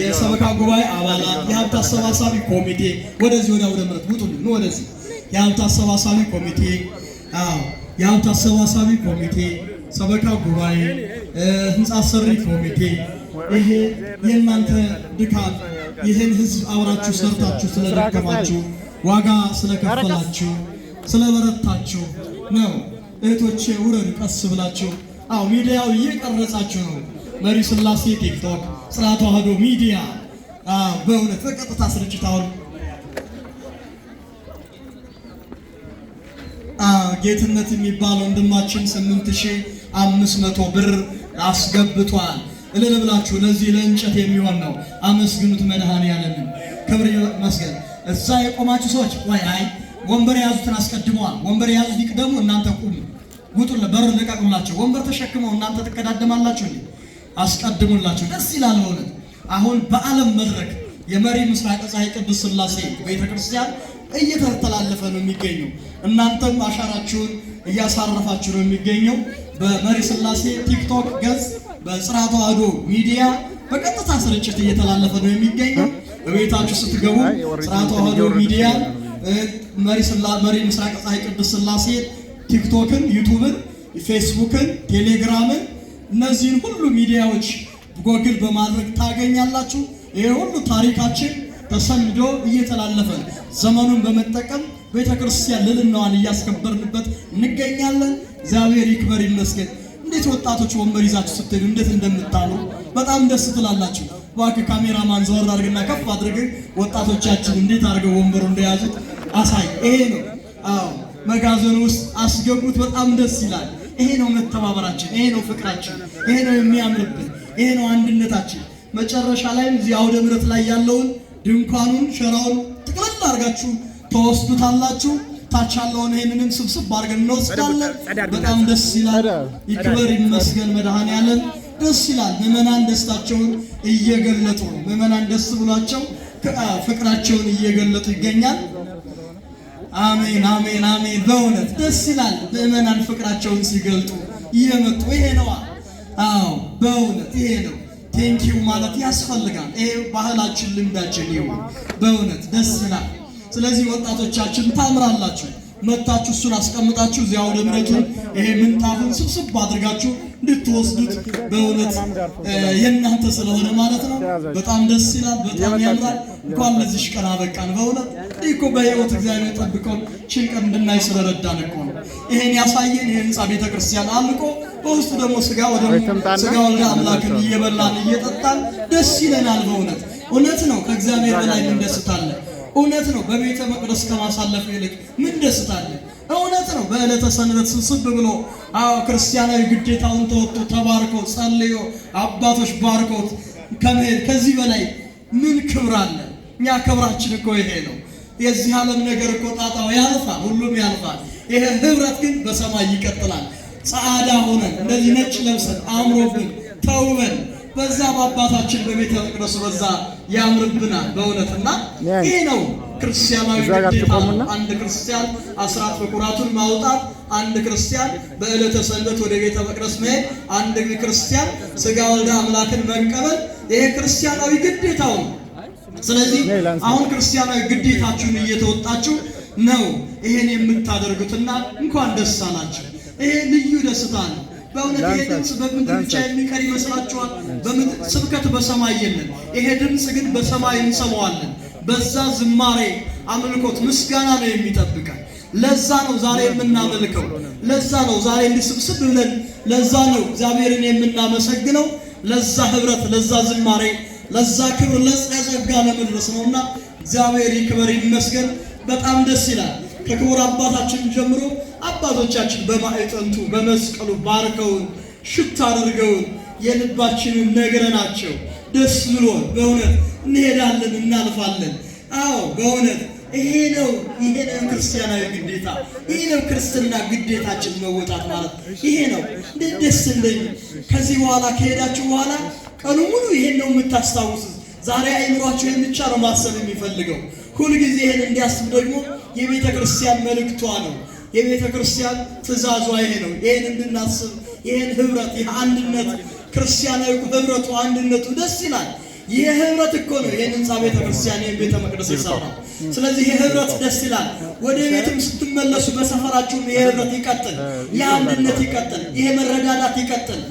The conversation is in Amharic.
የሰበካ ጉባኤ አባላት የሀብት አሰባሳቢ ኮሚቴ ወደዚህ ወዲያ ወደ ምረት ውጡ ነው ወደዚህ የሀብት አሰባሳቢ ኮሚቴ የሀብት አሰባሳቢ ኮሚቴ ሰበካ ጉባኤ ህንፃ ሰሪ ኮሚቴ ይሄ የእናንተ ድካም ይህን ህዝብ አብራችሁ ሰርታችሁ ስለደከማችሁ ዋጋ ስለከፈላችሁ ስለበረታችሁ ነው እህቶቼ ውረድ ቀስ ብላችሁ አዎ ሚዲያው እየቀረጻችሁ ነው መሪ ስላሴ ቲክቶክ ስራ ተዋህዶ ሚዲያ በእውነት በቀጥታ ስርጭት አሁን ጌትነት የሚባል ወንድማችን ስምንት ሺህ አምስት መቶ ብር አስገብቷል። እልል ብላችሁ ለዚህ ለእንጨት የሚሆን ነው። አመስግኑት መድኃኔዓለምን። ክብር ይመስገን። እዛ የቆማችሁ ሰዎች ወይ አይ ወንበር የያዙትን አስቀድመዋል። ወንበር የያዙት ይቅደሙ፣ እናንተ ቁሙ። ውጡ፣ በር ልቀቁላቸው። ወንበር ተሸክመው እናንተ ትቀዳደማላችሁ። አስቀድሙላችሁ ደስ ይላል። ሆነ አሁን በዓለም መድረክ የመሪ ምስራቅ ፀሐይ ቅዱስ ስላሴ ቤተክርስቲያን እየተተላለፈ ነው የሚገኘው። እናንተም አሻራችሁን እያሳረፋችሁ ነው የሚገኘው። በመሪ ስላሴ ቲክቶክ ገጽ፣ በጽርሐ ተዋሕዶ ሚዲያ በቀጥታ ስርጭት እየተላለፈ ነው የሚገኘው። በቤታችሁ ስትገቡ ጽርሐ ተዋሕዶ ሚዲያ መሪ ምስራቅ ፀሐይ ቅዱስ ስላሴ ቲክቶክን፣ ዩቱብን፣ ፌስቡክን፣ ቴሌግራምን እነዚህን ሁሉ ሚዲያዎች ጎግል በማድረግ ታገኛላችሁ። ይሄ ሁሉ ታሪካችን ተሰንዶ እየተላለፈ ዘመኑን በመጠቀም ቤተክርስቲያን ልልናዋን እያስከበርንበት እንገኛለን። እግዚአብሔር ይክበር ይመስገን። እንዴት ወጣቶች ወንበር ይዛችሁ ስትሄዱ እንዴት እንደምታሉ በጣም ደስ ትላላችሁ። እባክህ ካሜራማን ዘወር አድርግና ከፍ አድርግ። ወጣቶቻችን እንዴት አድርገው ወንበሩ እንደያዙት አሳይ። ይሄ ነው አዎ፣ መጋዘኑ ውስጥ አስገቡት። በጣም ደስ ይላል። ይሄ ነው መተባበራችን፣ ይሄ ነው ፍቅራችን፣ ይሄ ነው የሚያምርብን፣ ይሄ ነው አንድነታችን። መጨረሻ ላይም እዚህ አውደ ምረት ላይ ያለውን ድንኳኑን ሸራውን ጥቅልል አድርጋችሁ ተወስዱታላችሁ። ታች ያለውን ይህንንም ስብስብ አድርገን እንወስዳለን። በጣም ደስ ይላል። ይክበር ይመስገን መድኃኔዓለም። ደስ ይላል። ምዕመናን ደስታቸውን እየገለጡ ነው። ምዕመናን ደስ ብሏቸው ፍቅራቸውን እየገለጡ ይገኛል። አሜን፣ አሜን፣ አሜን። በእውነት ደስ ይላል ምዕመናን ፍቅራቸውን ሲገልጡ እየመጡ ይሄ ነዋ። አዎ በእውነት ይሄ ነው። ቴንኪው ማለት ያስፈልጋል። ይሄ ባህላችን፣ ልምዳችን ይሁን። በእውነት ደስ ይላል። ስለዚህ ወጣቶቻችን ታምራላችሁ። መታችሁ እሱን አስቀምጣችሁ እዚያ ወደ ምረቱ ይሄ ምንጣፍን ስብስብ አድርጋችሁ እንድትወስዱት በእውነት የእናንተ ስለሆነ ማለት ነው። በጣም ደስ ይላል። በጣም ያምራል። እንኳን ለዚሽ ቀን አበቃን። በእውነት ይህ እኮ በሕይወት እግዚአብሔር ጠብቀውን ችን ቀን እንድናይ ስለረዳን እኮ ነው። ይሄን ያሳየን ይህ ህንፃ ቤተ ክርስቲያን አልቆ በውስጡ ደግሞ ስጋ ወደ ስጋ ወደ አምላክን እየበላን እየጠጣን ደስ ይለናል። በእውነት እውነት ነው። ከእግዚአብሔር በላይ ምን እውነት ነው። በቤተ መቅደስ ከማሳለፍ ይልቅ ምን ደስታ አለ? እውነት ነው። በዕለተ ሰንበት ስብስብ ብሎ አዎ ክርስቲያናዊ ግዴታውን ተወጥቶ ተባርኮ ጸልዮ አባቶች ባርኮት ከመሄድ ከዚህ በላይ ምን ክብር አለ? እኛ ክብራችን እኮ ይሄ ነው። የዚህ ዓለም ነገር እኮ ጣጣው ያልፋል፣ ሁሉም ያልፋል። ይሄ ህብረት ግን በሰማይ ይቀጥላል። ጸዓዳ ሆነን እንደዚህ ነጭ ለብሰን አምሮብን ተውበን በዛ በአባታችን በቤተ መቅደሱ በዛ ያምርብናል በእውነትና ይህ ነው ክርስቲያናዊ ግዴታ። አንድ ክርስቲያን አስራት በኩራቱን ማውጣት፣ አንድ ክርስቲያን በዕለተ ሰንበት ወደ ቤተ መቅደስ መሄድ፣ አንድ ክርስቲያን ስጋ ወልደ አምላክን መቀበል፣ ይሄ ክርስቲያናዊ ግዴታው ነው። ስለዚህ አሁን ክርስቲያናዊ ግዴታችሁን እየተወጣችሁ ነው ይሄን የምታደርጉትና እንኳን ደስ አላችሁ። ይሄ ልዩ ደስታ ነው። በእውነት ይሄ ድምፅ በምድር ብቻ የሚቀር ይመስላችኋል? ስብከት በሰማይ የለን። ይሄ ድምፅ ግን በሰማይ እንሰማዋለን። በዛ ዝማሬ፣ አምልኮት፣ ምስጋና ነው የሚጠብቀን። ለዛ ነው ዛሬ የምናመልከው። ለዛ ነው ዛሬ እንዲስብስብ ብለን፣ ለዛ ነው እግዚአብሔርን የምናመሰግነው። ለዛ ህብረት፣ ለዛ ዝማሬ፣ ለዛ ክብር፣ ለዛ ጸጋ ለመድረስ ነውና እግዚአብሔር ይክበር ይመስገን። በጣም ደስ ይላል። ከክቡር አባታችን ጀምሮ አባቶቻችን በማዕጠንቱ በመስቀሉ ባርከውን ሽታ አድርገውን የልባችንን ነግረናቸው ደስ ብሎን በእውነት እንሄዳለን፣ እናልፋለን። አዎ በእውነት ይሄ ነው ይሄ ነው ክርስቲያናዊ ግዴታ፣ ይሄ ነው ክርስትና ግዴታችን መወጣት ማለት ይሄ ነው። እንዴት ደስ እንደኝ ከዚህ በኋላ ከሄዳችሁ በኋላ ቀኑ ሙሉ ይሄን ነው የምታስታውሱት። ዛሬ አይምሯቸው የምቻ ነው ማሰብ የሚፈልገው ሁልጊዜ ይሄን እንዲያስብ ደግሞ የቤተ ክርስቲያን መልእክቷ ነው። የቤተ ክርስቲያን ትእዛዟ ይሄ ነው። ይህን እንድናስብ ይህን ህብረት፣ ይህ አንድነት፣ ክርስቲያናዊ ህብረቱ አንድነቱ ደስ ይላል። ይህ ህብረት እኮ ነው ይህን ህንፃ ቤተ ክርስቲያን ይህን ቤተ መቅደስ የሰራው። ስለዚህ ይህ ህብረት ደስ ይላል። ወደ ቤትም ስትመለሱ በሰፈራችሁም ይህ ህብረት ይቀጥል፣ ይህ አንድነት ይቀጥል፣ ይህ መረዳዳት ይቀጥል።